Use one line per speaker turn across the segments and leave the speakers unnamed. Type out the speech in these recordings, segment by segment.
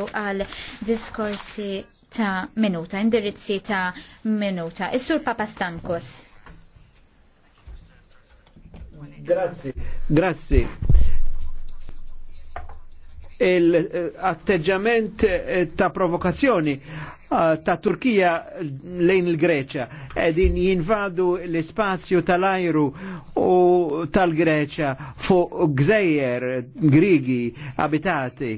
għal diskorsi ta' minuta, indirizzi ta' minuta. Is-sur Papa Stankos.
Grazzi, grazzi. Il-atteġġament eh, eh, ta' provokazzjoni eh, ta' Turkija lejn il-Greċa edin jinvadu l-spazju tal-ajru u tal-Greċa fuq gżejjer grigi abitati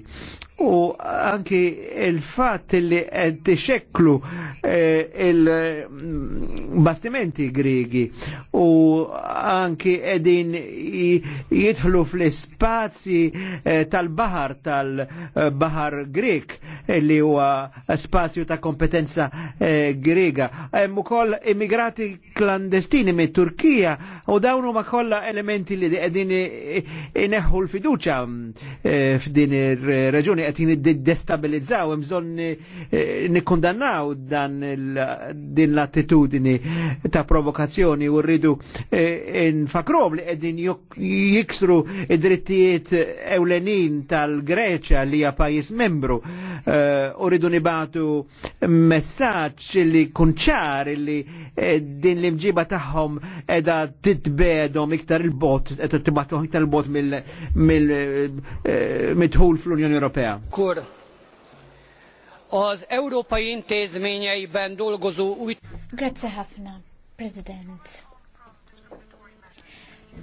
u anki il-fat li t-xeklu eh, il-bastimenti grigi u anki edin jidħlu fl-spazi eh, tal-bahar tal-bahar grek eh, li huwa spazju ta' kompetenza eh, grega. Hemm ukoll immigrati klandestini mit turkija u dawn huma kollha elementi li qegħdin ineħħu l-fiduċa f'din ir-reġuni li qed destabilizzaw hemm bżonn eh, nikkundannaw dan din l-attitudini ta' provokazzjoni u rridu eh, infakrom li qegħdin jiksru id-drittijiet ewlenin tal-Greċja li hija pajjiż membru eh, u rridu nibatu messaġġ li kun ċar li din l-imġiba tagħhom qiegħda titbedhom iktar il-bot qed tibatuhom iktar il-bot mill-midħul fl-Unjoni Ewropea. Kur. Az európai intézményeiben dolgozó új... Grazie
ħafna, President.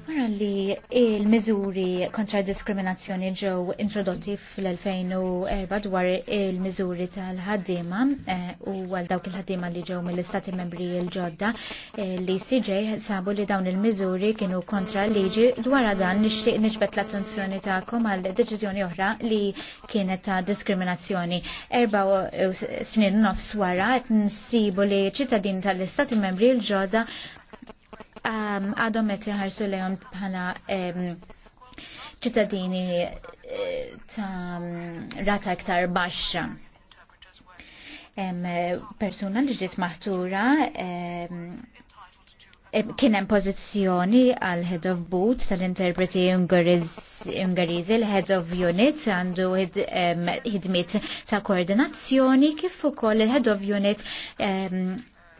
Wara li il-miżuri kontra diskriminazzjoni ġew introdotti fl-2004 dwar il-miżuri tal ħaddima eh, u għal dawk il-ħaddiema li ġew mill-Istati Membri l-ġodda eh, li CJ sabu li dawn il-miżuri kienu kontra liġi dwar dan nixtieq niġbet l-attenzjoni tagħkom għal deċiżjoni oħra li kienet ta' diskriminazzjoni. Erba snin nofs wara qed nsibu li ċittadini tal-Istati Membri l-ġodda għadhom qed jħarsu lejhom bħala ċittadini eh, ta' rata iktar baxxa persuna li ġiet maħtura kien hemm pożizzjoni għal head of boot tal-interpreti Ungariżi l head of unit għandu ħidmiet ta' koordinazzjoni kif ukoll il-head of unit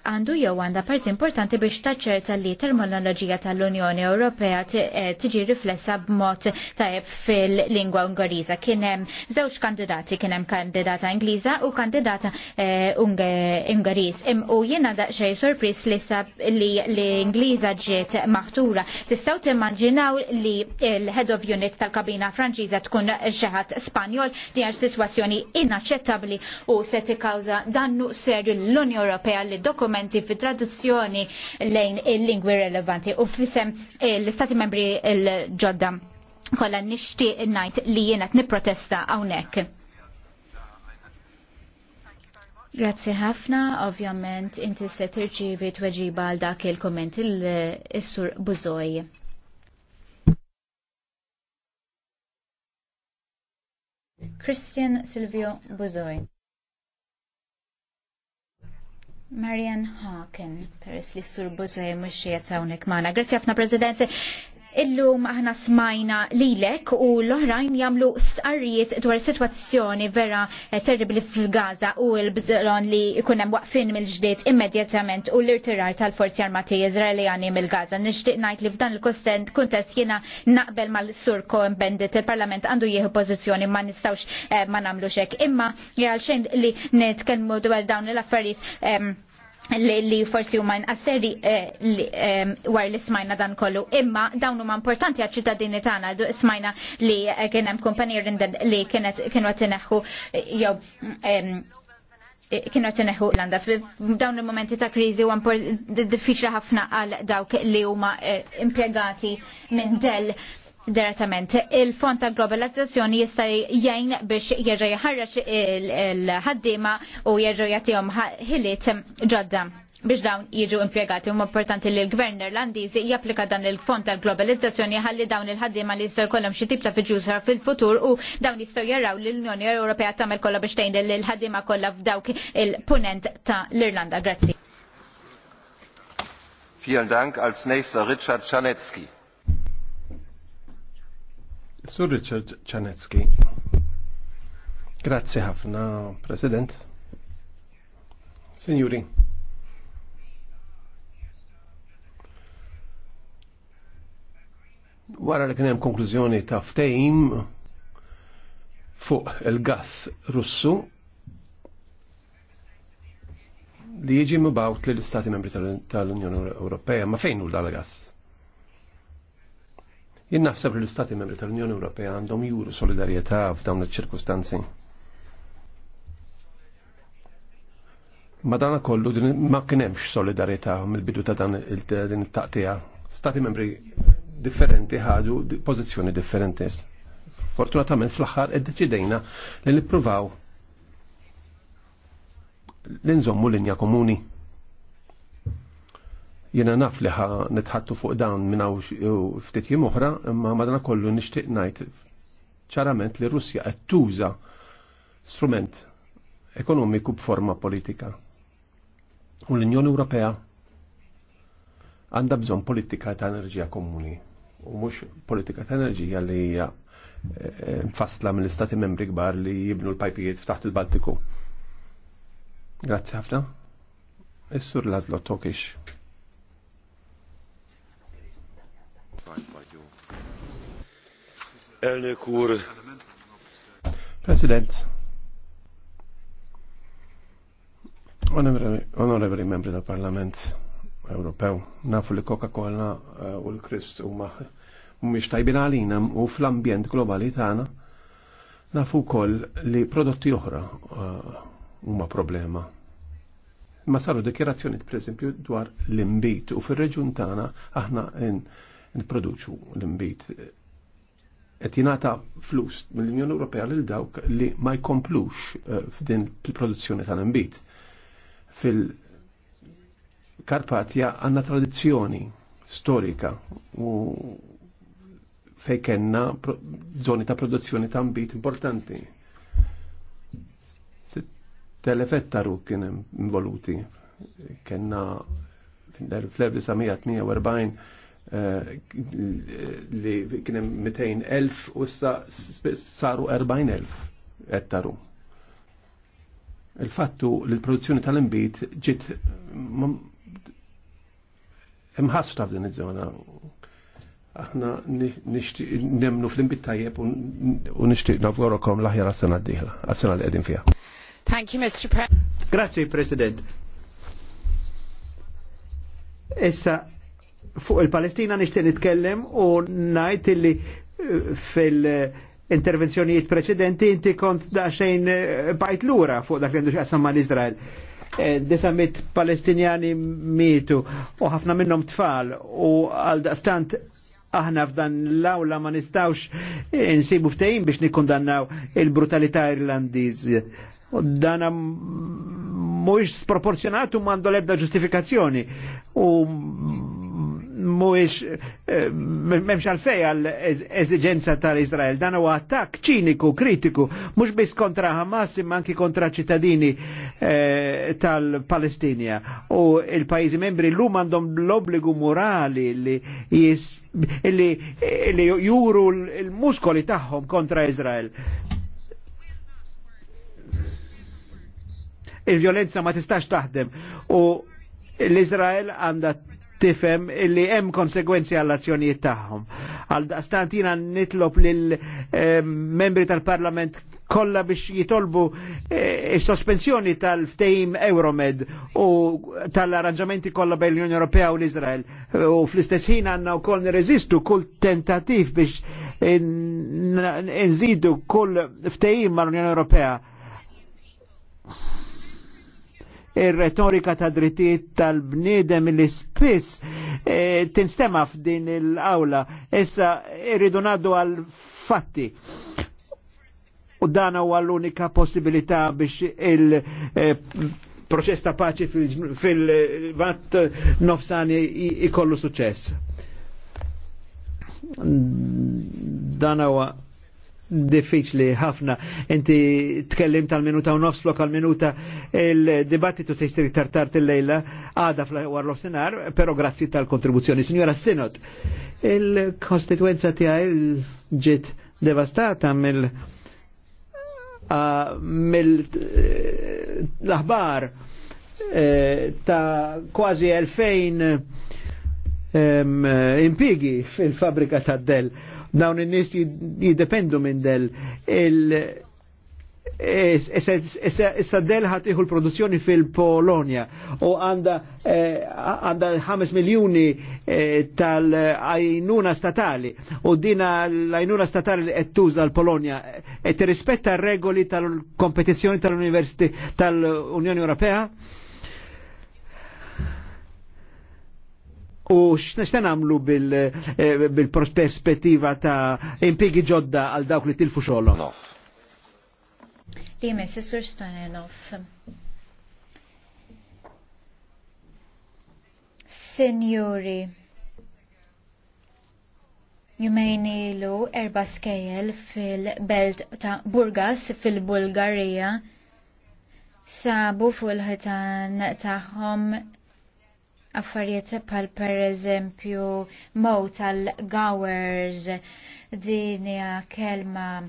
għandu jew għandha parti importanti biex taċċerta li terminoloġija tal-Unjoni Ewropea eh, tiġi riflessa b'mod tajb fil-lingwa Ungariża. Kien hemm żewġ kandidati, kien hemm kandidata Ingliża u kandidata eh, Ungariż. U jiena daqsxejn sorpris li sab li l-Ingliża ġiet maħtura. Tistgħu timmaġinaw li l-head of unit tal-kabina Franċiża tkun xi ħadd Spanjol li għax sitwazzjoni inaċċettabbli u se tikkawża dannu serju l-Unjoni Ewropea li dokument dokumenti fi traduzzjoni lejn il-lingwi relevanti u fisem l-Stati membri il-ġodda kolla nishtiq najt li jenat niprotesta għawnek. Grazzi ħafna, ovvjament inti se tirċivi tweġiba għal dak il-komment il-sur Buzoj. Christian Silvio Buzoi. Marian Hawken, peress li s-sur Buzaj mux xiet għawnek maħna. Grazie għafna, Prezidenti. Illum aħna smajna lilek u l-oħrajn jamlu sqarrijiet dwar situazzjoni vera terribli fil-Gaza u l bżilon li kunem waqfin mill-ġdiet immedjatament u l-irtirar tal-forzi armati Izraeljani mill-Gaza. Nishtiq najt li f'dan il-kostent kuntest jena naqbel mal-sur Cohen Bendit il-Parlament għandu jieħu pożizzjoni ma nistawx eh, ma namlu xek. Imma jgħal xejn li netkenmu dwar dawn l-affarijiet li, li forsi huma nqasseri eh, eh, war li smajna dan kollu. Imma dawn huma importanti għal ċittadini tagħna smajna li eh, kien hemm kumpanija li kienet kienu qed ineħħu eh, jew kienu qed ineħħu Landa. F'dawn il-momenti ta' kriżi huwa diffiċli ħafna għal dawk li huma impjegati minn Dell Direttament, il-fond ta' globalizzazzjoni jista' jgħin biex jerġa' jħarrax il-ħaddiema u jerġa' jagħtihom ħiliet ġodda biex dawn jiġu impjegati u importanti li l-gvern irlandiżi japplika dan il-fond tal-globalizzazzjoni ħalli dawn il-ħaddiema li jistgħu jkollhom xi tip ta' fiduċja fil-futur u dawn jistgħu jaraw li l-Unjoni Ewropea tagħmel kollha biex tgħin lill-ħaddiema kollha f'dawk il-punent ta' l-Irlanda. Grazzi.
Vielen Dank. Als nächster Richard Czanecki. Sur Richard Czanecki. Grazie ħafna, President. Signori. Wara li kienem konklużjoni ta' ftejm fuq il gas Russu li jieġi jiġi li l istati membri tal-Unjoni Ewropea ma fejn hu dal gas Jinn naħseb li l-Istati Membri tal-Unjoni Ewropea għandhom juru solidarjetà f'dawn iċ-ċirkustanzi. Madana kollu ma kienemx solidarjetà mill-bidu ta' dan din it-taqtija. Stati membri differenti ħadu pożizzjoni differenti. Fortunatament fl-aħħar iddeċidejna li nippruvaw l-inżommu linja komuni. Jena naf liħa nitħattu fuq dawn minna u ftit jim uħra, imma madana kollu nishtiq najt ċarament li Russja qed tuża strument ekonomiku b'forma politika. U l-Unjoni Ewropea għandha bżonn politika ta' enerġija komuni u mhux politika ta' enerġija li hija eh, mfassla mill-istati membri kbar li jibnu l-pajpijiet f'taħt il-Baltiku. Grazzi ħafna. Is-sur Lazlo Tokish. Elnök úr! President! Onorevoli membri tal Parlament Ewropew, nafu li Coca-Cola eh, u l-Crisps huma mhumiex tajbin għalina u fl-ambjent globali tagħna nafu wkoll li prodotti oħra eh, huma problema. Ma saru dikjerazzjoni pereżempju dwar l-imbit u fir-reġjun tagħna aħna nipproduċu l-imbit. Et jingħata flus mill-Unjoni Ewropea lil dawk li ma jkomplux eh, f'din il-produzzjoni tal-imbit. Fil-Karpatja għandna tradizzjoni storika u fejkenna zoni ta' produzzjoni ta' mbit importanti. Telefettaru kien involuti. Kenna fl-1948 Eh, li kienem 200.000 u issa saru 40.000 ettaru. Il-fattu li l-produzzjoni tal-imbit ġiet imħasra f'din iż-żona aħna nemnu fl-imbit tajjeb u nishtiq nafgorokom laħjar għas-sena d-dihla, għas-sena li għedin fija.
Thank you, Mr. President. Grazie, President. Issa fuq il-Palestina nixtieq nitkellem u ngħid illi eh, fil-intervenzjonijiet preċedenti inti kont xejn eh, bajt lura fuq dak li għandu xaqsam mal Izrael. Eh, Disamit palestinjani mitu u ħafna minnom tfal u għal daqstant aħna f'dan l-awla ma nistawx insibu ftejn biex nikundannaw il-brutalità irlandiż. Dana mux sproporzjonatu mandu lebda ġustifikazzjoni u mhuwiex eh, memx għalfej għal eżigenza tal-Izrael. Dan huwa attakk ċiniku, kritiku, mux bis kontra Hamas imma anki kontra ċittadini eh, tal-Palestinja. U il pajizi membri l llum għandhom l-obbligu morali li juru l-muskoli tagħhom kontra Izrael. Il-violenza ma tistax taħdem u l-Izrael għandha tifhem li hemm konsegwenzi għall azzjonijiet tagħhom. Għal jiena nitlob lil eh, membri tal-Parlament kollha biex jitolbu is-sospensjoni eh, tal-ftehim Euromed u tal-arranġamenti kollha bejn l-Unjoni Ewropea u l-Iżrael. U fl-istess ħin għandna wkoll nirreżistu kull tentattiv biex nżidu kull ftehim mal-Unjoni Ewropea ir-retorika ta' drittijiet tal-bniedem li spiss e, tinstema f'din il-awla. Issa irridu ngħaddu għal fatti. U dan huwa l-unika possibilità biex il- e, proċess ta' paċi fil-vat fil nofsani ikollu suċess. Dan huwa diffiċli ħafna. Inti tkellim tal-minuta u nofs flok għal-minuta il-dibattitu se jistri tartar il-lejla għada fl-għar l-ofsenar, pero grazzi tal-kontribuzzjoni. Signora Sinot, il-kostituenza il ġiet devastata mill- mill-aħbar eh, eh, ta' kważi 2000 impigi fil-fabrika ta' Dell Dawn in-nies jiddependu minn del il- Issa del ħat iħu l-produzzjoni fil-Polonia u għanda eh, għanda 5 miljoni eh, tal-ajnuna statali u dina l-ajnuna statali li tuża l-Polonia e eh, rispetta regoli tal-kompetizjoni tal-Unjoni Europea? u x'nista' nagħmlu eh, bil-perspettiva ta' impiegi ġodda għal dawk li tilfu xogħolhom.
Li jmiss sur Stojanov. erba skejjel fil-belt ta' Burgas fil-Bulgarija sabu fuq il-ħitan tagħhom affarijiet pal per eżempju mot tal-gowers din kelma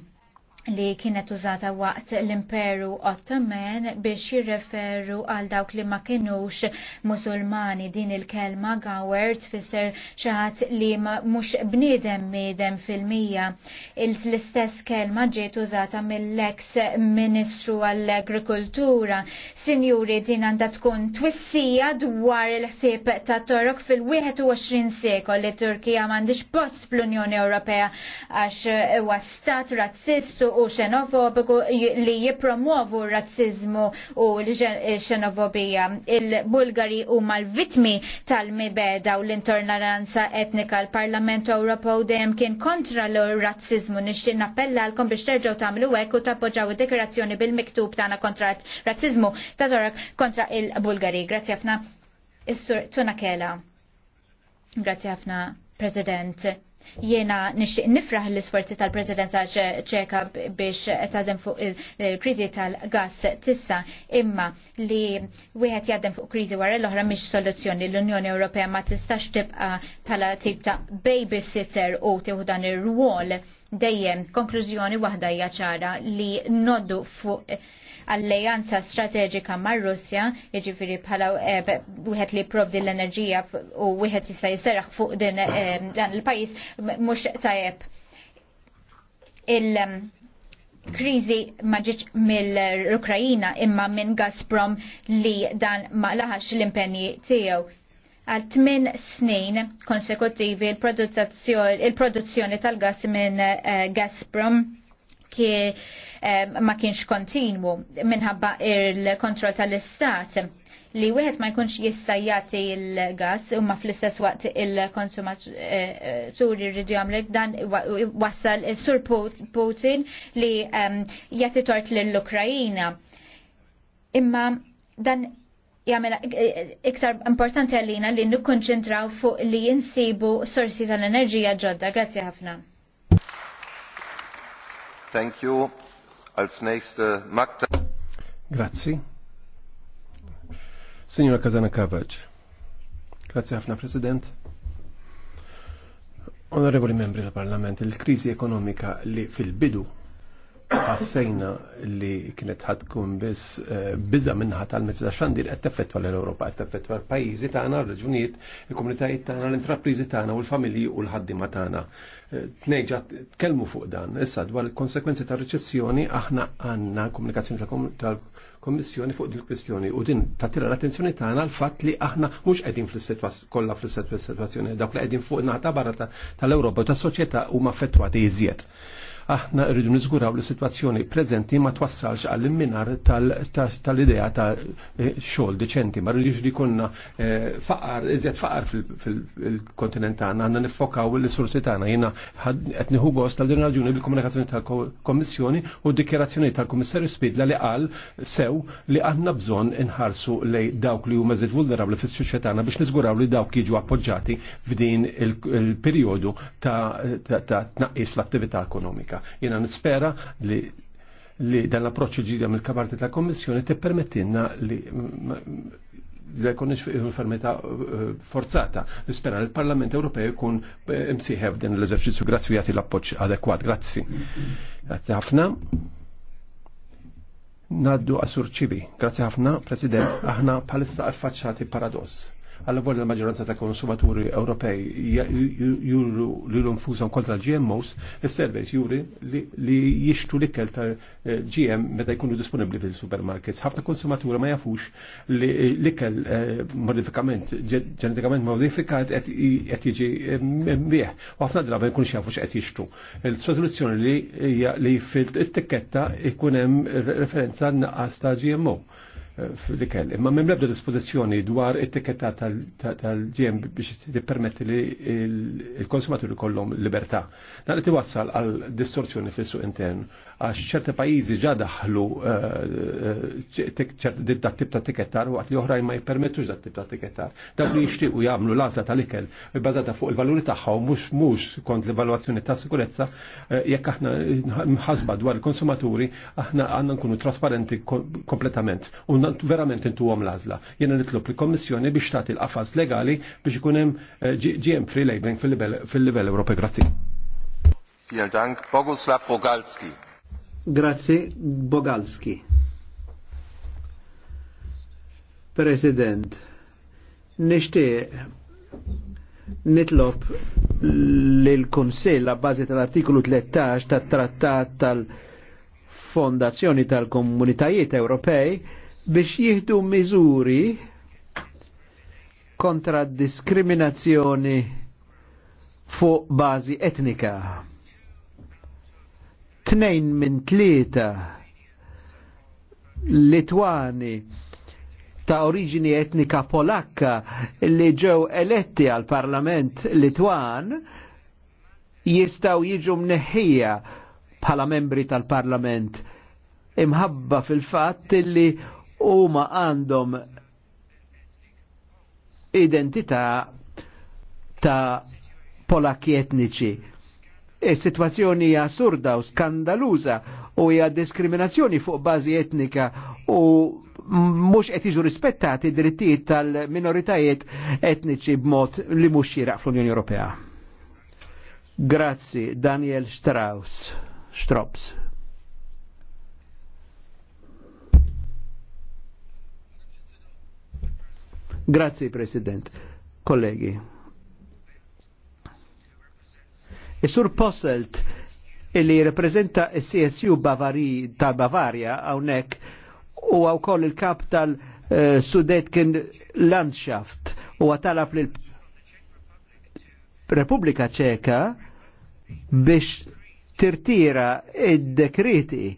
li kienet użata waqt l-Imperu Ottoman biex jirreferru għal dawk li ma kienux musulmani din il-kelma gawer tfisser xaħat li mux bnidem midem fil-mija. L-istess kelma ġiet użata mill-ex ministru għall-agrikultura. Sinjuri din għanda tkun twissija dwar il-ħsieb ta' Torok fil-21 sekol li Turkija mandiġ post fl-Unjoni Ewropea għax u stat razzistu u xenofobiku li jipromuovu razzizmu u l-xenofobija. Il-Bulgari u mal-vitmi tal-mibeda u l-intornaranza etnika l-Parlament Ewropew dejjem kien kontra l-razzizmu nixtieq nappella għalkom biex terġgħu tagħmlu hekk u tappoġġaw id-dekorazzjoni bil-miktub tagħna kontra razzizmu ta' kontra il-Bulgari. Grazzi ħafna. Is-sur Tuna Kela. Grazzi ħafna, President. Jiena nixtieq nifraħ l-isforzi tal-Presidenza ċeka biex tadem fuq il-krizi tal-gas tissa imma li wieħed jaddem fuq krizi wara l-oħra mhix soluzzjoni l-Unjoni Ewropea ma tistax tibqa bħala tip ta' babysitter u tieħu dan ir-rwol dejjem konklużjoni waħda hija ċara li noddu fuq alleanza strateġika mar-Russja, jiġifieri bħala eh, wieħed li provdi l-enerġija u wieħed jista' jiseraħ fuq din eh, dan il-pajjiż mhux tajjeb. Il mm, kriżi ma ġietx mill-Ukrajina imma minn Gazprom li dan ma laħax l-impenji tiegħu għal tmien snin konsekutivi il-produzzjoni il produzzjoni tal gas minn uh, Gazprom kien eh, ma kienx kontinwu minħabba il-kontroll tal-istat li wieħed ma jkunx jista' jagħti l-gas imma fl-istess waqt il-konsumaturi jridu jagħmlek dan wassal sur Putin li ehm, jagħti tort lill-Ukrajina. Imma dan jagħmel iktar importanti għalina li nikkonċentraw fuq li jinsibu sorsi tal-enerġija ġodda. Grazzi ħafna.
Thank you. Als nächste Magda. Grazzi. Signora Kazana Kavaġ. Grazzi ħafna President. Onorevoli membri del Parlamento, il-krizi ekonomika li fil-bidu għassajna li kienet ħatkun biss eh, biża minnħat tal metri ta' xandir qed teffettwa l-Ewropa, qed teffettwa l-pajjiżi tagħna, l-reġunijiet, il-komunitajiet tagħna, l-intrapriżi tagħna u l-familji u l-ħaddiema tagħna. Eh, tnejġa tkellmu fuq dan. Issa dwar il-konsekwenzi ta' reċessjoni aħna għandna komunikazzjoni tal-Kommissjoni fuq din kwistjoni u din tira l-attenzjoni tagħna l-fatt li aħna mhux qegħdin kolla kollha fl situazzjoni dawk li qegħdin fuq naħta barra tal europa u tas-soċjetà huma affettwati iżjed Aħna rridu niżguraw li situazzjoni preżenti ma twassalx għall-imminar tal-idea ta' eh, xogħol deċenti, ma rridux li konna eh, faqar, iżjed faqar fil-kontinent tagħna, għandna niffokaw l sursi tagħna. Jiena qed nieħu gost tal din raġuni bil-komunikazzjoni tal-Kommissjoni u d-dikjerazzjoni tal-Kummissarju Spidla li qal sew li għandna bżonn inħarsu lej dawk li huma żed vulnerabli fis-soċjetana biex niżguraw li dawk jiġu appoġġati f'din il-perjodu ta' tnaqqis l-attività ekonomika. Afrika. Jena nispera li li dan l-approċċ ġidja mill-kabarti tal-Kommissjoni tippermettilna li li konniex fermeta eh, forzata. Nispera li l-Parlament Ewropew jkun eh, imsieħeb din l-eżerċizzju grazzi jagħti l-appoġġ adekwat. Grazzi. Grazzi ħafna. Naddu għasur ċibi. Grazzi ħafna, President, aħna palissa affaċċati paradoss għalla volja l-maġġoranza ta' konsumaturi Ewropej juru li l-infusom kontra l-GMOs, il servis juri li jishtu l-ikkel ta' eh, GM meta jkunu disponibli fil-supermarkets. ħafna konsumaturi ma jafux li l eh, modifikament, ġenetikament modifikat għet jiġi eh, mbieħ. U ħafna drabi jkunu xafux qed jishtu. Il-soluzzjoni li fil-tikketta ikun hemm referenza naqas ta' GMO fil-ikel. Imma minn lebda dispożizzjoni dwar it-tiketta tal-ġiem biex permetti li il-konsumaturi kollom libertà. Dan t-wassal għal distorsjoni fis-suq intern għax ċerti pajizi ġa daħlu eh, eh, ċerti tip ta' tikettar u għatli li oħrajn ma jpermettux dat tip ta' tikettar. Dawk li jixtiequ jagħmlu laża tal-ikel bbażata fuq il-valuri taħħu mux mhux kont l-evalwazzjoni ta' sikurezza eh, jekk aħna mħasba dwar il-konsumaturi aħna għandna nkunu trasparenti kompletament u verament intu l-għażla. Jiena nitlob il-Kommissjoni biex tagħti til qafas legali biex ikun hemm GM free labeling fil-livell Ewropej. Grazie. Vielen Dank. Boguslav Rogalski.
Grazzi Bogalski. President, nishtiq nitlob l-Konsill a bazi tal artiklu 13 tat-trattat tal-Fondazzjoni tal-Komunitajiet Ewropej biex jihdu miżuri kontra diskriminazzjoni fuq bazi etnika Tnejn minn tlieta Litwani ta' oriġini etnika polakka li ġew eletti għal parlament Litwan jistaw jiġu mneħħija bħala membri tal-parlament imħabba fil-fatt li huma għandhom identità ta' polakki etniċi situazzjoni hija assurda u skandaluża u hija diskriminazzjoni fuq bażi etnika u mhux qed jiġu rispettati drittijiet tal-minoritajiet etniċi b'mod li mhux xieraq fl-Unjoni Ewropea. Grazzi, Daniel Strauss. Strops. Grazie Presidente, colleghi. Is-Sur Posselt illi jirrepreżenta s-CSU Bavari ta' Bavarja hawnhekk u wkoll il-kap tal-Sudetkin Landschaft u għatalab lil Repubblika Ċeka biex tirtira id-dekreti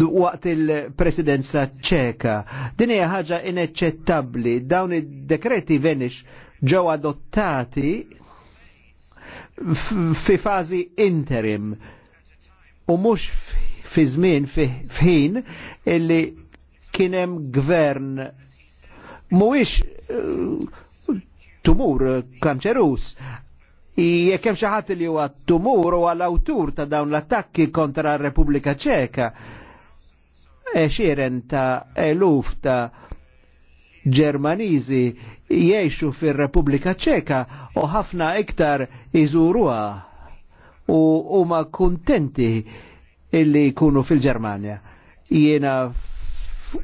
waqt il-presidenza ċeka. Din hija ħaġa ineċċettabbli, dawn id-dekreti venix ġew adottati fi fazi interim u mhux fi żmien f'ħin illi kien hemm gvern mhuwiex uh, tumur kanċerus jekk hemm xi ħadd li huwa tumur u għall-awtur ta' dawn l-attakki kontra r-Repubblika Ċeka. E xieren ta' eluf ta' Ġermaniżi jgħixu fir-Repubblika Ċeka u ħafna iktar iżuruha u huma kuntenti illi jkunu fil-Ġermanja. Jiena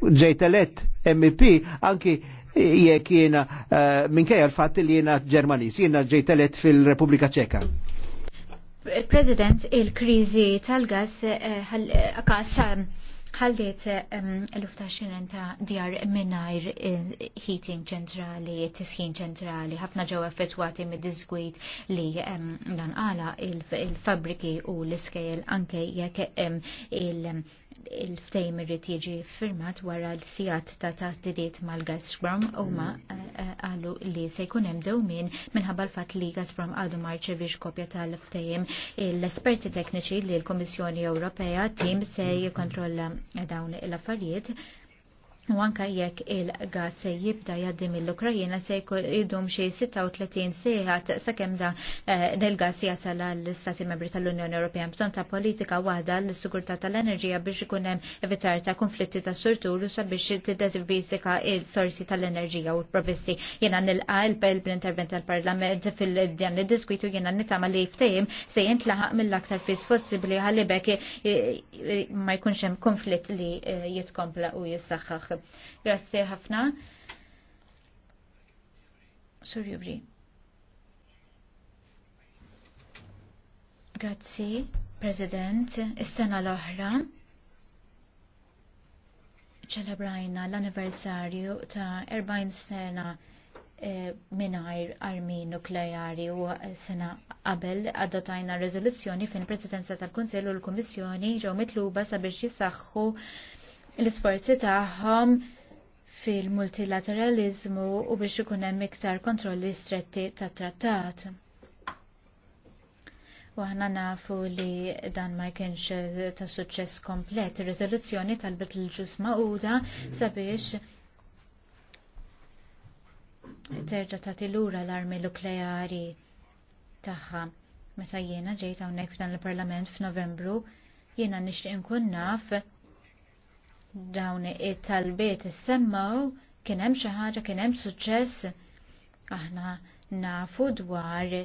ġejt elett MP anki jekk jiena eh, minkejja l-fatt li jiena Ġermaniż, jiena ġejt elett fil-Repubblika Ċeka.
President, il-krizi tal-gas kas eh, eh, ħalliet ehm, l uftaxinen ta' djar minnajr eh, heating ċentrali, tisħin ċentrali, ħafna ġew effettwati mid dizgwit li ehm, għala il-fabriki u l-iskejl anke jekk ehm, il- il-ftejm irrid jiġi firmat wara l-sijat ta' taħdidiet mal-Gazprom u ma eh, eh, għallu li se jkun hemm dewmin minħabba l-fatt li Gazprom għadu ma rċevix kopja tal-ftejm l-esperti tekniċi li l komissjoni Ewropea tim se jikkontrolla dawn l-affarijiet U anka jekk il-gas jibda jaddim l ukrajina se jkun xi 36 sieħat sakemm da eh, del-gas jasal l-istati Membri tal-Unjoni Ewropea bżonn ta' politika waħda l-sigurtà tal-enerġija biex ikun hemm evitar ta' konflitti ta' surtur u sabiex tiddesivisika il-sorsi tal-enerġija u l-provisti. Jiena nilqa' l-intervent tal-Parlament fil-dan id-diskwitu jiena nitama li ftehim se jintlaħaq mill-aktar fis possibbli bekk eh, eh, ma jkunx hemm konflitt li jitkompla u jissaħħaħ Grazzi ħafna. Sur Jubri. Grazzi, President. Is-sena l-oħra ċelebrajna l-anniversarju ta' 40 sena E, eh, minajr armi nukleari u sena qabel adottajna rezoluzzjoni fin presidenza tal-Kunsellu u l-Kummissjoni ġew mitluba sabiex jisaxħu l-isforzi tagħhom fil-multilateralizmu u biex ikun hemm iktar kontrolli stretti tat-trattat. U aħna nafu li dan ma kienx eh, ta' suċċess komplet. Ir-riżoluzzjoni talbet l-ġus ma'uda sabiex terġa' tagħti lura l-armi nukleari tagħha. Meta jiena ġejt hawnhekk f'dan il-Parlament f'Novembru, jiena nixtieq inkun naf dawn it-talbiet semmaw kien hemm xi ħaġa kien hemm suċċess aħna nafu dwar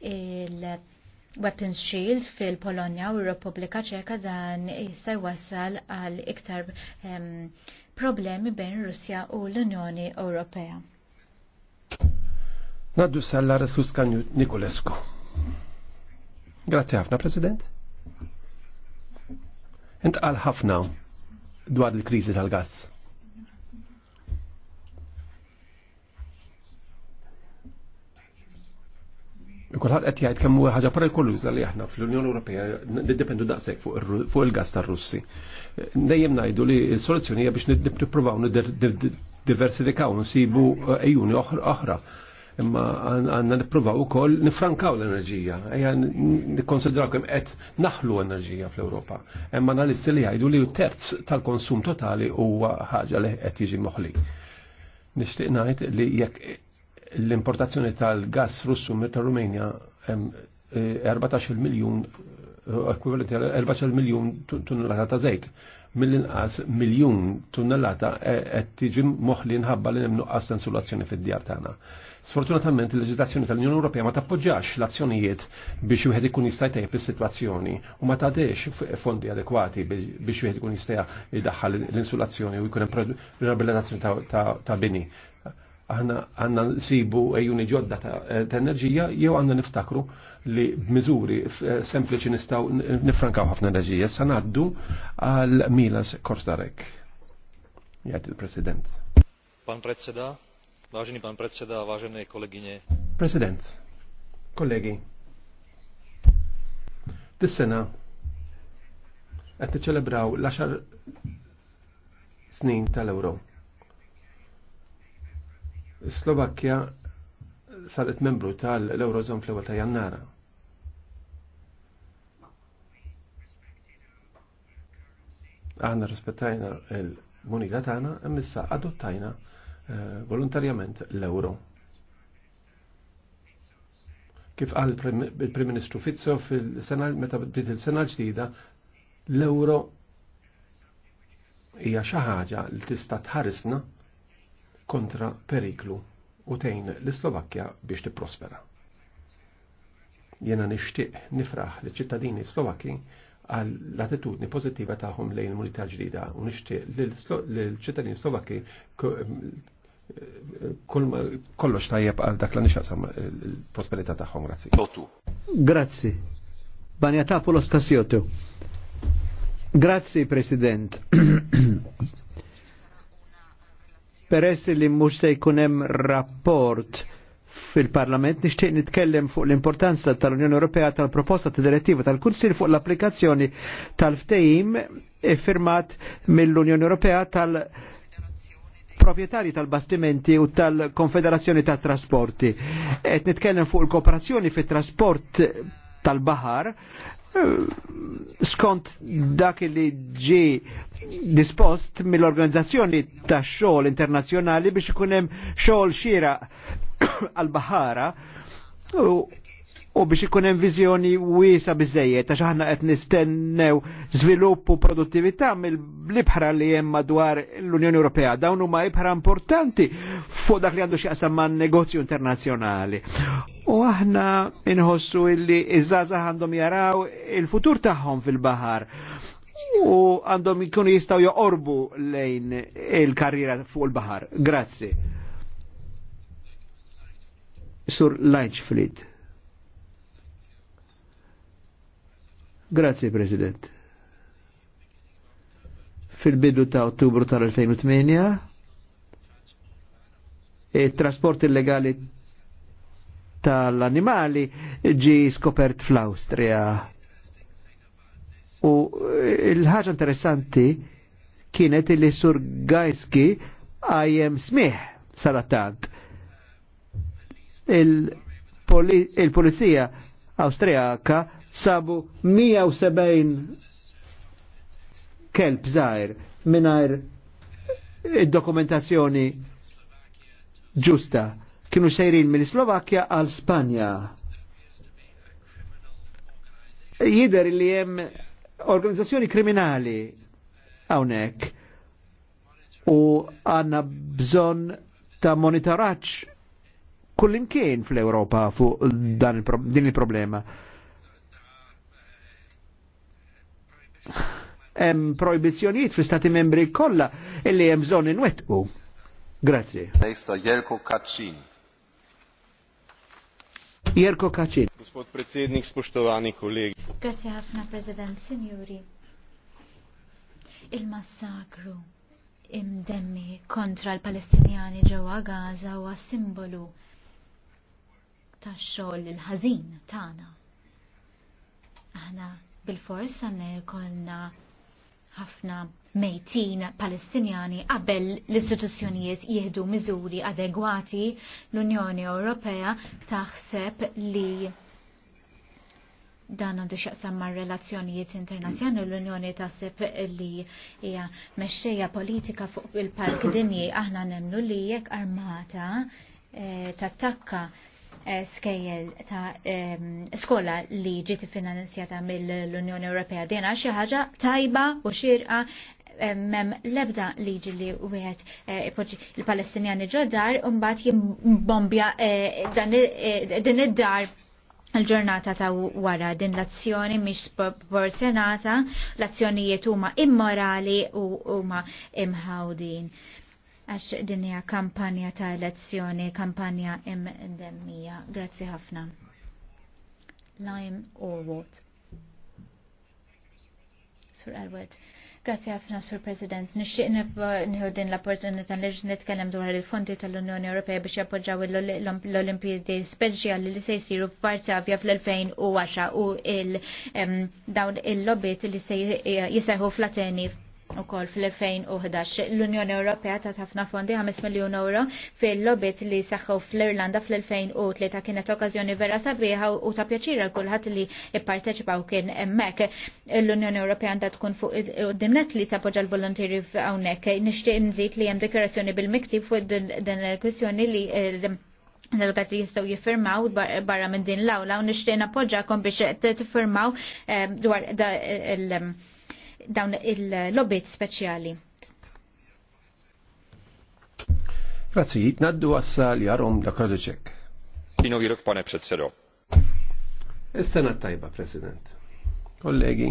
il-Weapons Shield fil-Polonja u r-Repubblika Ċeka dan jista' jwassal għal iktar problemi bejn Russja u l-Unjoni Ewropea.
Naddu salla Resus Kanju Nikolescu. Grazie ħafna, President. Intqal ħafna dwar il krizi tal-gass. Kulħadd qed jgħid kemm ħaġa perikoluża li aħna fl-Unjoni Ewropea nid-dependu daqseg fuq il-gas tal russi Dejjem najdu li s-soluzzjoni hija biex nippruvaw diversifikaw nsibu ejjuni eh, oħra imma għanna nipruvaw u koll nifrankaw l-enerġija, eja nikonsidraw kem għet naħlu enerġija fl-Europa. Imma analisti li għajdu li u terz tal-konsum totali u ħagġa li għet jiġi moħli. Nishtiq najt li jekk l-importazzjoni tal-gas russu mir tal rumenja 14 eh, miljon ekwivalenti eh, 14 miljon tunnellata ta' zejt mill-inqas miljun tunnellata eh, qed tiġi moħli nħabba li nemnu nuqqas insulazzjoni fid-djar tagħna. Sfortunatament il-leġislazzjoni tal-Unjoni Ewropea ma tappoġġax l-azzjonijiet biex wieħed ikun jista' jtejjeb is-sitwazzjoni u ma tagħtix fondi adekwati biex wieħed ikun jista' jdaħħal l-insulazzjoni u jkun hemm riabilitazzjoni ta' bini. Aħna għandna nsibu ejuni ġodda ta' enerġija jew għandna niftakru li b'miżuri sempliċi nistgħu nifrankaw ħafna enerġija. Sa ngħaddu għal Milas Kortarek. Jgħid il-President. Pan Prezzeda, Vážený pán predseda, vážené kolegyne. Prezident, kolegy, dis-sena qed tiċċelebraw l-10 snin tal euro. Slovakia saret membru tal-Eurozon fl ta' Jannara. Aħna rispettajna il-munita tagħna imma adottajna Eh, volontarjament l-euro. Kif qal il-Prim Ministru Fizzo fil-sena meta bdiet il-sena ġdida, l-euro hija xi ħaġa li tista' tħarisna kontra periklu u tejn l-Slovakkja biex tipprospera. Jena nixtieq nifraħ li ċittadini Slovakki għal l-attitudni pozittiva tagħhom lejn il-munità ġdida u nixtieq li l-ċittadini Slovakki kollox tajjeb għal dak l
nixaqsam il eh, prosperita taħħom, grazzi. Totu. Grazzi. Banja ta' polos Kassiotu. Grazzi, President. per essi li mux se jkunem rapport fil-Parlament nishtiq nitkellem fuq l-importanza tal-Unjoni Ewropea tal-proposta tal direttiva tal-Kunsil fuq l-applikazzjoni tal ftejim e eh, firmat mill-Unjoni Ewropea tal-, -Unjoni Europea proprietari tal-bastimenti u tal-Konfederazzjoni tal trasporti Et nitkellem fuq il-kooperazzjoni fit-trasport tal-bahar eh, skont dak li ġi dispost mill-organizzazzjoni ta' xogħol internazzjonali biex ikun hemm xogħol xira għal-bahara u biex ikun hemm viżjoni wiesa biżejjed għax aħna qed nistennew żvilupp u produttività mill-ibħra li hemm madwar l-Unjoni Ewropea. Dawn huma ibħra importanti fuq dak li għandu qasam man negozju internazzjonali. U aħna inħossu illi iż-żaża għandhom jaraw il-futur tagħhom fil-baħar u għandhom jkunu jistgħu joqorbu lejn il-karriera fuq il-baħar. Grazzi. Sur Lightfleet. Grazie, President. Fil-bidu ta' ottubru tal-2008, il-trasport e illegali tal-animali ġi skopert fl-Austria. U eh, il ħagġa interessanti kienet il li sur Gajski għajem smih saratant. Il-polizija -poli il austriaka sabu 170 kelb zaħir minnajr dokumentazzjoni ġusta. Kienu sejrin mill slovakkja għal Spanja. Jider li jem organizzazzjoni kriminali għawnek u għanna bżon ta' monitoraċ kullimkien fl-Europa fu din il-problema. il problema il hemm projbizzjonijiet fl istati membri kollha illi hemm bżonn inwettqu. Grazzi. Lejsa Jerko Kaczin. Jerko Kaczin. Gospod predsednik, spoštovani kolegi.
Grazie ħafna, President, Signori. Il-massakru imdemmi kontra l-Palestinjani ġewwa Gaza huwa simbolu tax-xogħol il-ħażin tagħna. Aħna bil-fors għanna jkollna ħafna mejtin palestinjani qabel l-istituzzjonijiet jieħdu miżuri adegwati l-Unjoni Ewropea taħseb li dan għandu xaqsam ma' relazzjonijiet internazjonali l-Unjoni taħseb li hija mexxejja politika fuq il-park dinji aħna nemnu li jekk armata eh, tattakka Eh, skejjel ta' skola li ġiet finanzjata mill-Unjoni Ewropea dina xi ħaġa tajba u xirqa mem lebda liġi li wieħed eh, ipoġġi l-Palestinjani ġodar u mbagħad jimbombja eh, din id-dar l-ġurnata ta' wara din l-azzjoni mhix proporzjonata, l-azzjonijiet huma immorali u huma imħawdin għax dinja kampanja ta' elezzjoni, kampanja imdemmija. Grazzi ħafna. Lime or what? Sur Elwood. Grazzi ħafna, Sur President. Nixtieq nħu din l-opportunità li nitkellem dwar il-fondi tal-Unjoni Ewropea biex jappoġġaw l-Olimpijadi speċjali li se jsiru f'Varsavja fl-2010 u dawn il-lobbiet li se jiseħu fl-Ateni u kol fil-2011. L-Unjoni Ewropea ta' ħafna fondi 5 miljon euro fil-lobit li saħħu fl-Irlanda fl-2003 kienet okkazjoni vera sabiħa u ta' pjaċira l-kulħat li jipparteċipaw kien emmek. L-Unjoni Ewropea għandha tkun fuq dimnet li tappoġġa l-volontiri f'għawnek. Nixtieq nżid li hemm dekorazzjoni bil-miktib fuq din il-kwistjoni li eh, l-lokat li jistaw jifirmaw barra minn din l-awla u nishtiq kom biex tiffirmaw eh, dwar dawn il lobbit speċjali.
Grazzi, jitnaddu għassa li għarom da kolleġek. Kino għiruk pane predsedo. Is-sena tajba, President. Kollegi,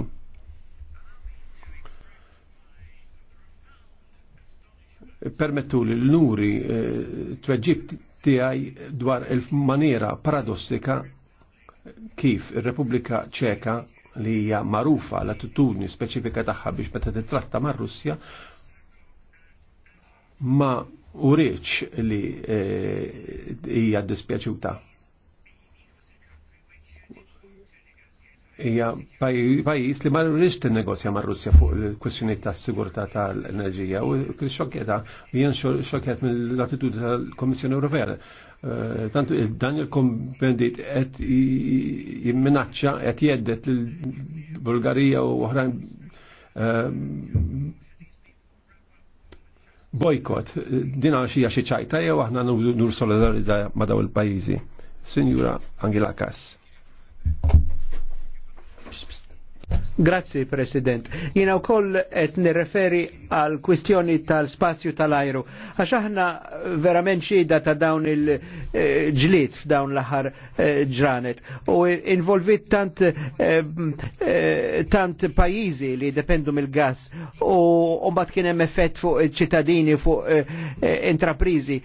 permettu li l-nuri eh, tweġib tiegħi dwar il-maniera paradossika kif il repubblika Ċeka li hija marufa l-attitudni speċifika tagħha biex meta titratta mar-Russja ma uriċ li eh, hija dispjaċuta hija pajjiż li ma rridx tinnegozja mar-Russja fuq il-kwestjonijiet tas-sigurtà tal-enerġija u xokjeta jien xokjet mill-attitudni tal-Kommissjoni Ewropea. Eh, Tant dan il-kombendit qed jimminaċċa qed jeddet l bulgarija u oħrajn eh, bojkot din dina xija xi ċajta jew aħna nur solidarità ma' daw il-pajjiżi. Signora Angela Kass.
Grazzi, President. Jina u koll et nirreferi għal kwistjoni tal-spazju tal-ajru. Għax aħna verament xida ta' dawn il-ġlit eh, f'dawn l-ħar eh, ġranet. U involvit tant, eh, tant pajizi li dependu mill-gas u mbagħad kien hemm effett fuq ċittadini fuq intraprizi.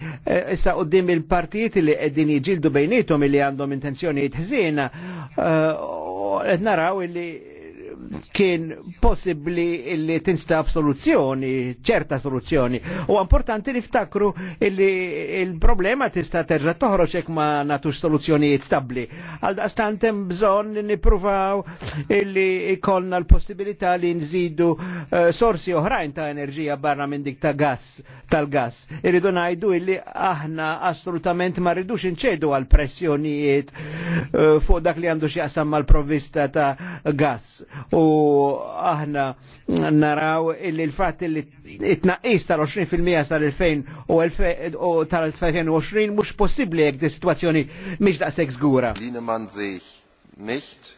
Issa qudiem il-partijiet li qegħdin jiġildu bejnietom li għandhom intenzjoni jitħzina qed naraw illi kien possibli li tinstab soluzzjoni, ċerta soluzzjoni. U importanti niftakru li il-problema tista' terġa' toħroġ hekk ma nagħtux soluzzjonijiet stabbli. Għal daqstant hemm bżonn nippruvaw illi ikollna l-possibilità li nżidu uh, sorsi oħrajn ta' enerġija barra minn dik ta' gas tal-gas. Irridu ngħidu illi aħna assolutament ma rridux inċedu għal pressjonijiet uh, fuq dak li għandu xi mal-provvista ta' gas u aħna naraw illi l fat illi it-naqis tal-20% sal-2000 u tal-2020 mux possibli jekk di situazzjoni mhix daqshekk żgura.
Lineman sejh nicht,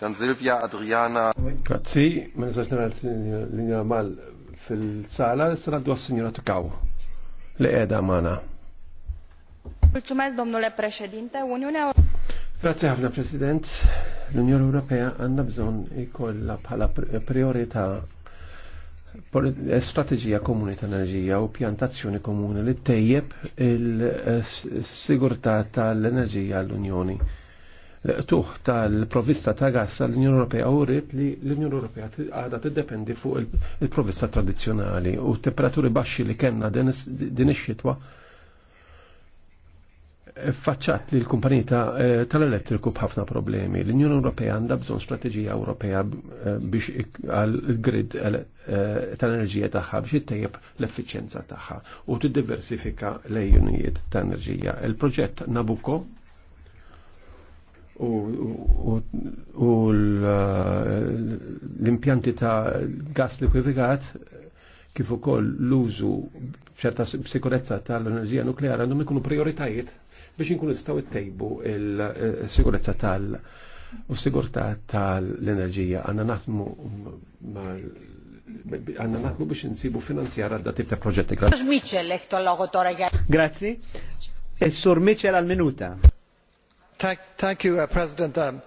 dan Silvia Adriana. Grazzi, ma mela nistax nara l-linja mal fil-sala, s-sala d signora Tukaw li qiegħda magħna.
Mulțumesc, domnule președinte. Uniunea
Grazie ħafna President. L-Unjoni Ewropea għandna bżonn ikollha bħala priorità strategija komuni ta' enerġija u pjantazzjoni komuni li tejjeb il-sigurtà tal-enerġija l-Unjoni. Tuħ tal-provista ta' gas l-Unjoni Ewropea u rrit li l-Unjoni Ewropea għadha tiddependi fuq il-provista tradizzjonali u temperaturi baxxi li kellna din ix-xitwa faċċat li l-kumpanija eh, tal-elettriku bħafna problemi. L-Unjoni Ewropea għandha bżonn strateġija Ewropea eh, biex għal-grid eh, tal-enerġija tagħha biex ittejjeb l-effiċjenza tagħha u tiddiversifika lejunijiet ta' enerġija. Il-proġett Nabucco u l-impjanti ta' gas likwifikat kif ukoll l-użu b'ċerta sikurezza tal-enerġija nukleara għandhom ikunu prioritajiet biex inkunu nistgħu ttejbu il-sigurezza tal- u sigurtà tal-enerġija għandna naħdmu għanna naħdmu biex nsibu finanzjar għadda tip ta' proġetti. Grazzi.
is e Mitchell għal-minuta. Thank you, uh, President. Um,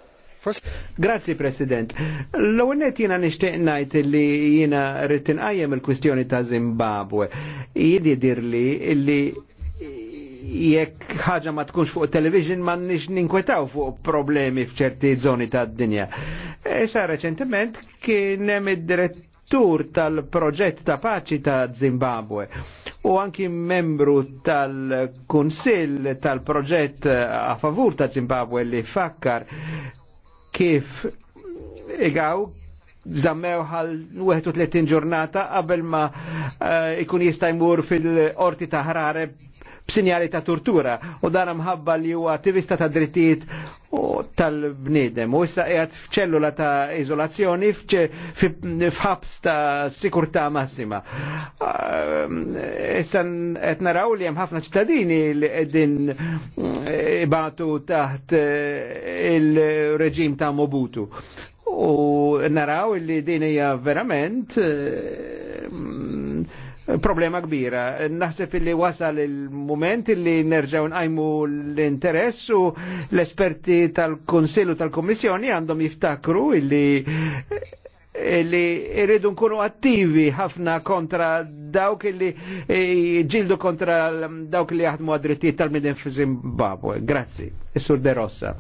Grazzi President. l għunnet jina nishtiq najt li jina rittin għajem il-kwistjoni ta' Zimbabwe. Jidi dirli li jekk ħaġa ma tkunx fuq television ma nix ninkwetaw fuq problemi f'ċerti zoni ta' dinja. Issa e, reċentement kien hemm id-direttur tal-proġett ta' paċi ta' Zimbabwe u anki membru tal-Kunsill tal-proġett a favur ta' Zimbabwe li fakkar kif igaw zammew għal 31 ġurnata qabel ma eh, ikun jista' jmur fil orti ta' ħrare b'sinjali ta' tortura u dan mħabba li huwa attivista ta' drittijiet tal bnidem u issa qiegħed f'ċellula ta' iżolazzjoni f'ħabs ta' sikurtà massima. Ehm, issa qed naraw li hemm ħafna ċittadini li qegħdin eh, ibatu taħt eh, il-reġim ta' Mobutu. U naraw li din hija verament eh, problema kbira. Naħseb illi wasal il-moment illi nerġaw nqajmu l-interess u l-esperti tal-Konsilu tal-Kommissjoni għandhom jiftakru illi illi irridu nkunu attivi ħafna kontra dawk illi e, ġildu kontra dawk li jaħdmu għadrittijiet tal-midin fi Zimbabwe. Grazzi. Is-Sur De Rossa.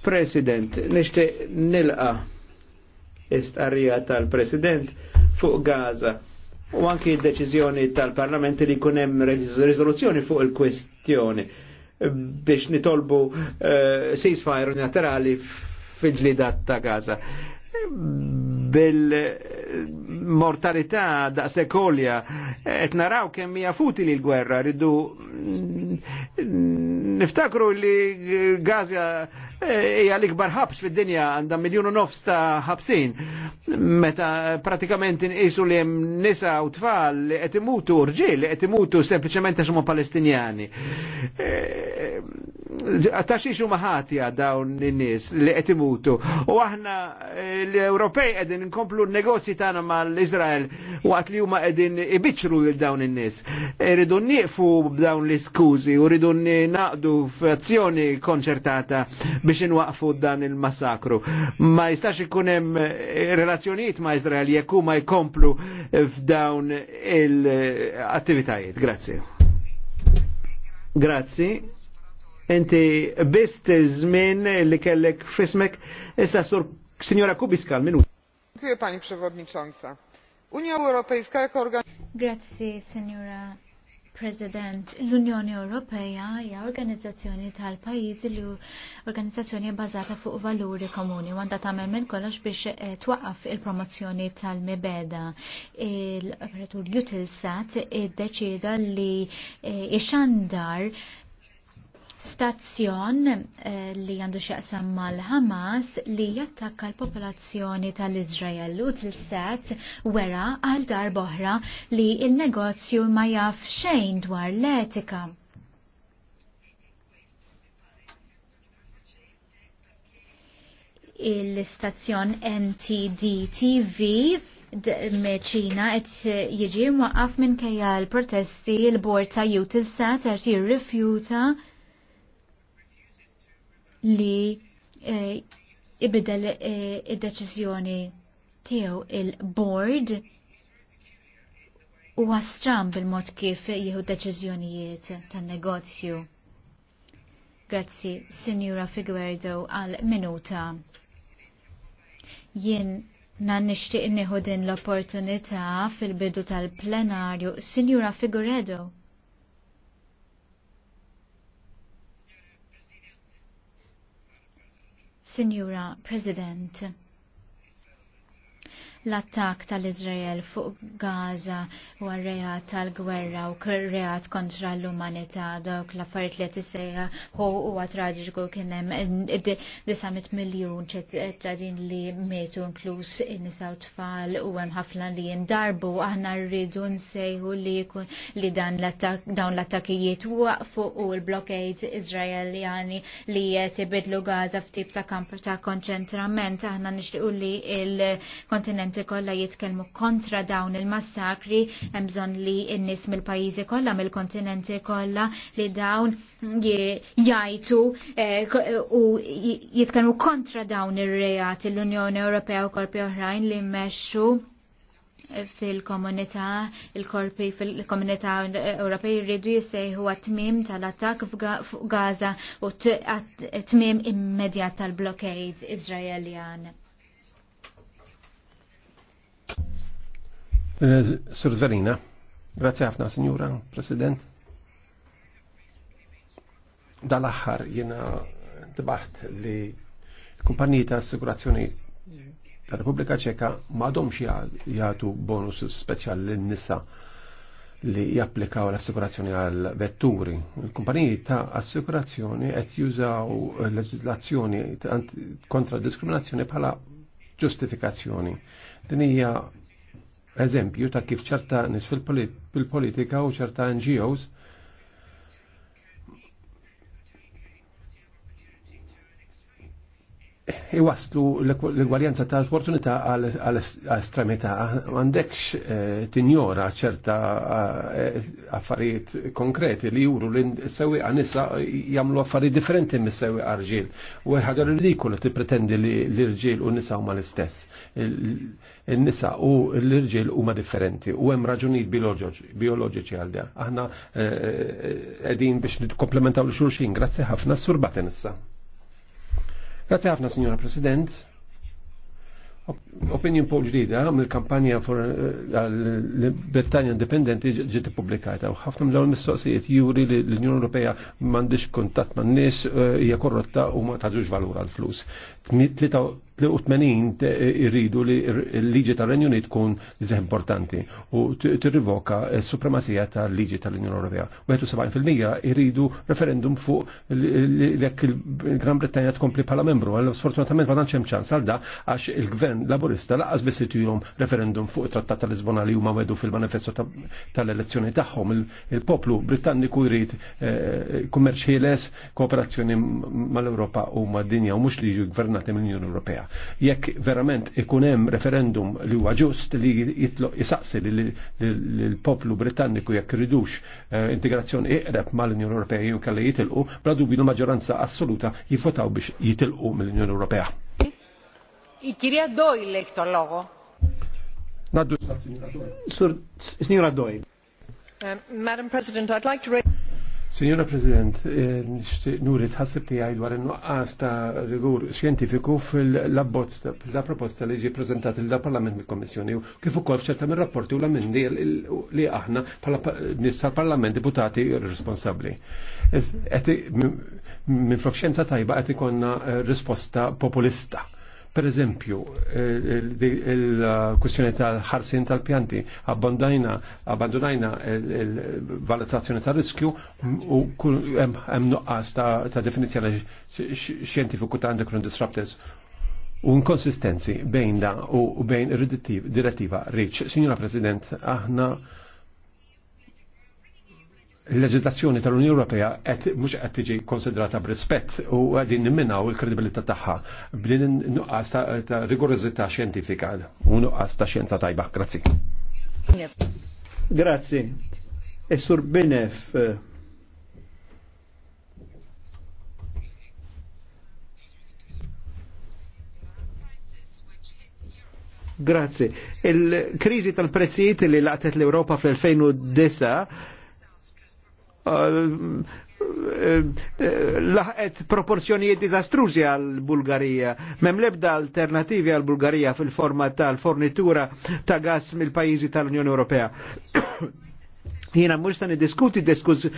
President, nishtiq nilqa istqarrija tal-President fuq Gaza u anki deċizjoni tal-Parlament li kunem hemm fuq il-kwestjoni biex nitolbu uh, ceasefire unilaterali fil-ġlidat ta' Gaza. Bil mortalità da sekolja et naraw kemm hija futili l-gwerra ridu niftakru li Gaza eh, hija l-ikbar ħabs fid-dinja għandha miljun u nofs ta' ħabsin meta pratikament inqisu li hemm nisa u tfal li qed imutu rġiel li qed imutu sempliċement għax huma Palestinjani. Eh, għattax huma maħati dawn in-nies li qed imutu. U aħna eh, l-Ewropej qegħdin nkomplu n-negozji tagħna mal-Iżrael waqt li huma qegħdin ibiċru lil dawn in-nies. Irridu nieqfu b'dawn l-iskużi u rridu naqdu f'azzjoni konċertata biex inwaqfu dan il-massakru. Ma jistax ikun hemm eh, relazzjonijiet ma' Iżrael jekk huma jkomplu f'dawn il-attivitajiet. Grazie. Grazie. Inti bist zmin li kellek f'ismek issa sur Signora Kubiska l-minut. Dziękuję Pani Przewodnicząca. Unia Europejska jako organ...
Grazie, Signora President, l-Unjoni Ewropea hija organizzazzjoni tal-pajjiżi li organizzazzjoni bażata fuq valuri komuni għandha tagħmel minn kollox biex eh, twaqqaf il-promozzjoni tal-mibeda. Il-operatur Utilsat eh, iddeċida li eh, ixandar e, stazzjon eh, li għandu xaqsam mal-Hamas li jattakka l-popolazzjoni tal-Izrael u til-Sat wera għal dar boħra li il-negozju ma jaf xejn dwar l-etika. il-stazzjon NTDTV meċina qed jiġi waqaf kajja l-protesti l-bord ta' Utails-Sat qed jirrifjuta li e, ibidel eh, id-deċizjoni tiegħu il-board u għastram bil-mod kif jieħu deċizjonijiet tan-negozju. Grazzi, Sinjura Figuerdo, għal minuta. Jien nan nixtieq nieħu din l-opportunità fil-bidu tal-plenarju, Sinjura Figueredo Signora President l-attak tal-Izrael fuq Gaza u għarrejat tal-gwerra u rejat kontra l-umanità dawk l-affarijiet li tisejja u huwa traġiku kien hemm 900 miljun ċittadin li metu inkluż in-nisa u tfal u hemm ħafna li jindarbu aħna rridu nsejhu li jkun li dan dawn l-attakijiet għafu u l blokkejt Izraeljani li tibidlu Gaza f'tip ta' kamp ta' konċentrament aħna nixtiequ li il-kontinent residenti kollha jitkellmu kontra dawn il-massakri hemm bżonn li n-nies mill-pajjiżi kollha mill-kontinenti kollha li dawn jgħidu eh, u jitkellmu kontra dawn ir-reati l-Unjoni Ewropea u korpi oħrajn li mmexxu fil-komunità, il-korpi fil-komunità Ewropej jridu jissejħu għat-tmim tal-attak f'Gaza u t-tmim immedjat tal-blokkejt Izraeljan.
Eh, Sur Zverina. Grazie ħafna, Signora President. Dal-axħar jena tbaħt li kumpaniji ta' assigurazzjoni ta' Repubblika Ċeka m'għadhomx jagħtu bonus speċjali lin-nisa li japplikaw l assigurazzjoni għal vetturi. Il-kumpaniji ta' assigurazzjoni qed jużaw leġislazzjoni kontra diskriminazzjoni bħala ġustifikazzjoni. Din hija eżempju ta' kif ċerta nis fil-politika u ċerta NGOs iwaslu l gwaljanza ta' opportunità għal-estremità. Għandekx eh, tinjora ċerta eh, affarijiet konkreti li juru li sewi nisa jamlu affarijiet differenti mis sewi għarġil. U ħagġa ridikolu ti pretendi li l-irġil u nisa huma l-istess. Il-nisa u l-irġil huma differenti u hemm raġunijiet bioloġiċi għal Aħna eh, qegħdin biex nitkomplementaw l-xulxin. Grazzi ħafna, surbaten issa. Grazie ħafna, Signora President. Opinion poll ġdida mill-kampanja eh, l britannia Independenti ġiet ippubblikata u ħafna minn dawn mistoqsijiet juri li l-Unjoni Ewropea m'għandix kuntatt man-nies eh, hija korrotta u ma tagħżux valur għall-flus. 83 irridu li l-liġi tal-Renju Unit tkun liżeħ importanti u tirrivoka s-supremazija tal-liġi tal-Unjoni Ewropea. 71% irridu referendum fuq jekk il-Gran Brittanja tkompli bħala membru. Għal sfortunatament ma nanċem hemm ċans għal da għax il-gvern laburista laqas biss referendum fuq it-Trattat tal-Lisbona li huma wedu fil-manifesto tal-elezzjoni tagħhom. Il-poplu Britanniku jrid eh, kummerċ ħieles, kooperazzjoni mal-Ewropa u mad-dinja u mhux li jiġu gvernati mill-Unjoni Ewropea. Jekk verament ikunem referendum li huwa ġust li jitloq jisaqsi lill-poplu Britanniku jekk ridux eh, integrazzjoni iqreb mal-Unjoni Ewropea jew kelli jitilqu, bla dubju l maġġoranza assoluta jifotaw biex jitilqu mill-Unjoni Ewropea.
Ikkirja kirja Doyle lek logo.
Naddu, Signora Doyle.
Um, Madam President, I'd like to raise...
Signora President, eh, nuri tħassib ti għaj dwar il-nuqqas ta' rigur xjentifiku fil-labbozz ta' proposta li ġi prezentat il-Parlament mill-Kommissjoni u kif ukoll f'ċerta minn rapporti u l-amendi li aħna bħala nissa parlament deputati responsabbli. Minn frakxenza tajba qed ikonna eh, risposta populista Per eżempju, eh, il-kwestjoni tal-ħarsin tal-pjanti, abbandajna, abbandonajna il-valutazzjoni tal-riskju u hemm nuqqas ta' definizjoni xjentifiku ta' endocrine disruptors u inkonsistenzi bejn da u bejn direttiva reċ. Signora President, aħna il-leġislazzjoni tal-Unjoni Ewropea qed mhux qed tiġi konsidrata b'rispett u qegħdin nimminaw il-kredibilità tagħha b'din nuqqas ta' rigorożità xjentifika u nuqqas ta' xjenza tajba. Grazzi.
Grazzi. is e Binef eh, Grazzi. Il-kriżi tal-prezzijiet li laqtet l-Ewropa fl-2009 Eh, eh, laħet proporzjonijiet dizastruzi għal Bulgarija. Mem lebda alternativi għal Bulgarija fil-forma tal-fornitura ta' gas mill-pajizi tal-Unjoni Ewropea. Jina mux mhux diskuti niddiskuti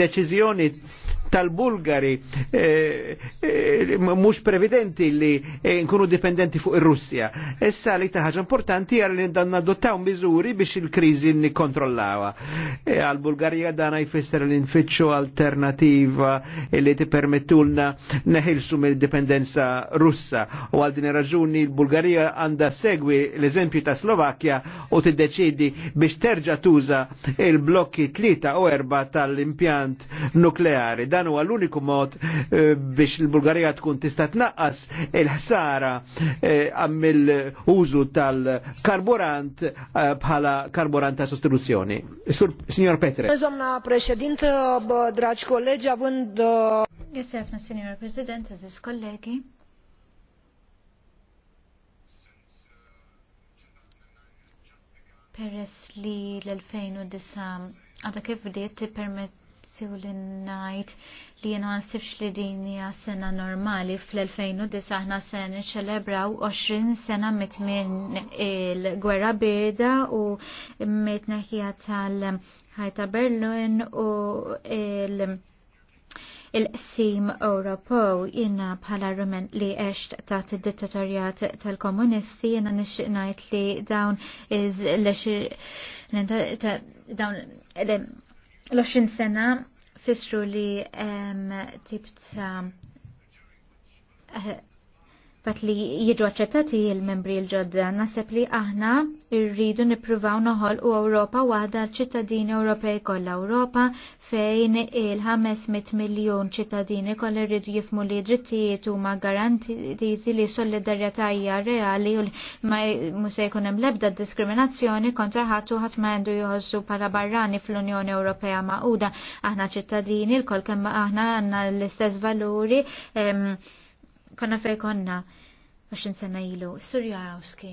deċizjoni tal-Bulgari eh, eh, mux previdenti li eh, nkunu dipendenti fuq il russja Essa li ta' importanti għal li dan adottaw miżuri biex il-kriżi nikkontrollawha. E, Għal-Bulgarija dan jfisser l infitxu alternativa li ti permettulna neħilsu mill-dipendenza Russa u għal din raġuni l-Bulgarija għanda segwi l-eżempju ta' Slovakkja u t-deċidi biex terġa' tuża il-blokki 3 u 4 tal-impjant nukleari dan huwa l-uniku mod eh, biex il-Bulgarija tkun tista' tnaqqas il-ħsara għammil eh, użu tal-karburant eh, bħala karburant ta' sostituzzjoni. Signor Petre.
Domna Presidente, dragi colleghi, avund. Jessefna, Signor President, ziz kollegi. Peres li l-2009 għada kif bdiet permet nistaqsi u li najt li jenu għansibx li din hija sena normali fl-2009 aħna se niċċelebraw 20 sena mit minn il-gwerra birda u mit neħija tal-ħajta Berlin u il- il-qsim Ewropew jiena bħala rumen li eċt ta' dittatorjat tal-komunisti jiena nixtieq ngħid li dawn iż dawn L-20 sena fissru li tip ta' bat li jiġu aċċettati il-membri l-ġodda, nasib li aħna irridu nippruvaw noħol u Ewropa waħda l-ċittadini Ewropej kollha Ewropa fejn il-500 miljon ċittadini kollha irridu jifmu li drittijiet huma garantiti li solidarjetà reali u ma musejkun jkun hemm l-ebda diskriminazzjoni kontra ħattu u ħadd ma għandu joħossu bħala barrani fl-Unjoni Ewropea maquda. Aħna ċittadini l-kol kemm aħna għandna l-istess valuri konna fej konna għaxin sena ilu, Sur Jarawski.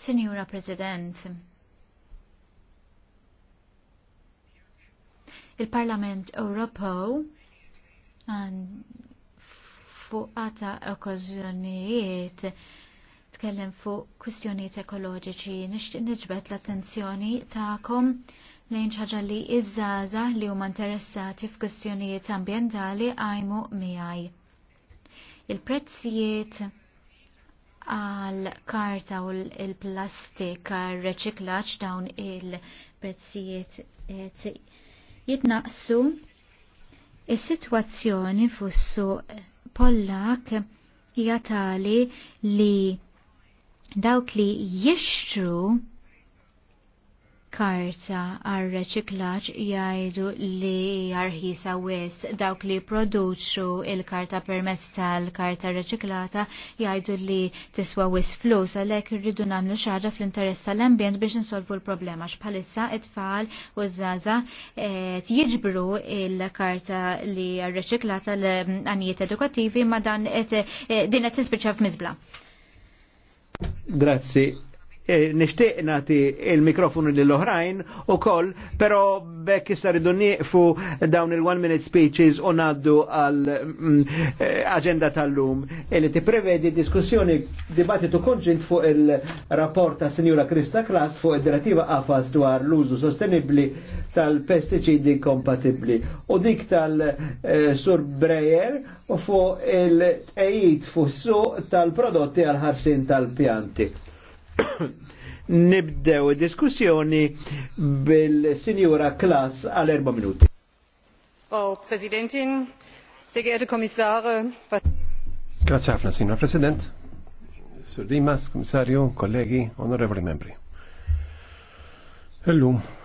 Sinjura President, il-Parlament Ewropew fuq għata okkażjonijiet nitkellem fuq kwistjonijiet ekoloġiċi, nixtieq niġbed l-attenzjoni tagħkom lejn ħaġa li iż-żaża li huma interessati f'kwistjonijiet ambjentali għajmu miegħi. Il-prezzijiet għal karta u l-plastik għal reċiklaġġ dawn il-prezzijiet jitnaqsu Is-sitwazzjoni fussu Pollak hija tali li dawk li jixtru karta għal reċiklaċ jgħidu li jarħisa wis dawk li produċu il-karta permess tal-karta reċiklata jgħidu li tiswa wis flus għalek rridu namlu xaġa fl-interess tal-ambjent biex insolvu l-problema xbħalissa it-tfal u z qed eh, jiġbru il-karta li reċiklata l-għanijiet edukattivi ma dan eh, din qed tispiċċa f'miżbla.
Grazie. E, nishtiq nati il-mikrofonu lill-oħrajn u koll, pero bekk issa ridu nieqfu dawn il-one minute speeches u naddu għal mm, e, agenda tal-lum li ti prevedi diskussjoni dibattitu konġint fuq il-rapport ta' Signora Krista Klas fuq il direttiva AFAS dwar l-użu sostenibli tal-pesticidi kompatibli u dik tal-Sur e, Breyer u fuq il-tqejid fuq suq tal-prodotti għal-ħarsin tal-pjanti. Nibdew diskussjoni bil-Sinjura Klas għal erba' minuti.
Frau Präsidentin, sehr geehrte Kommissare.
Grazie ħafna,
Signor President. Sur Dimas, Kommissarju, kollegi, onorevoli membri. Hello.